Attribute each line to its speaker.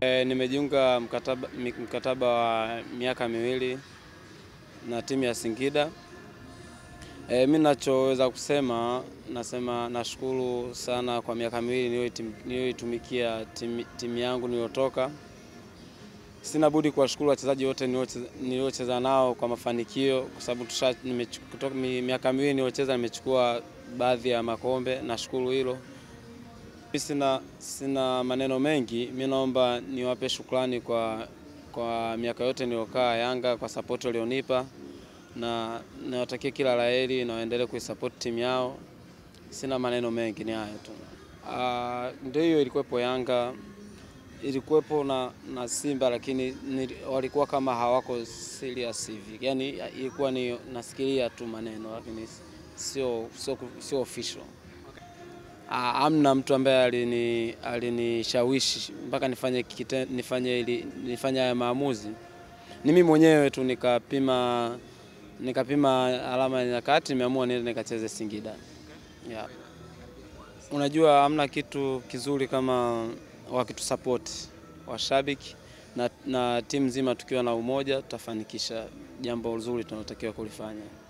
Speaker 1: E, nimejiunga mkataba, mkataba wa miaka miwili na timu ya Singida. E, mi nachoweza kusema nasema nashukuru sana kwa miaka miwili niliyoitumikia timu tim yangu niliyotoka. Sina budi kuwashukuru wachezaji wote niliocheza nao kwa mafanikio, kwa sababu miaka miwili niliyocheza nimechukua baadhi ya makombe, nashukuru hilo. Sina, sina maneno mengi, mi naomba niwape shukrani kwa, kwa miaka yote niliokaa Yanga, kwa sapoti walionipa, na niwatakie kila laheri na waendelee kuisupport timu yao. Sina maneno mengi, ni hayo tu. Ah, ndio hiyo ilikuwepo Yanga, ilikuwepo na, na Simba, lakini walikuwa kama hawako serious hivi, yani ilikuwa ni nasikilia tu maneno, lakini sio, sio, sio official amna mtu ambaye alini alinishawishi mpaka nifanye kite, nifanye ili, nifanye haya maamuzi. Ni mimi mwenyewe tu nikapima nikapima alama ya nyakati, nimeamua niende nikacheze Singida. Yeah. Unajua amna kitu kizuri kama support washabiki na, na timu nzima tukiwa na umoja, tutafanikisha jambo zuri tunalotakiwa kulifanya.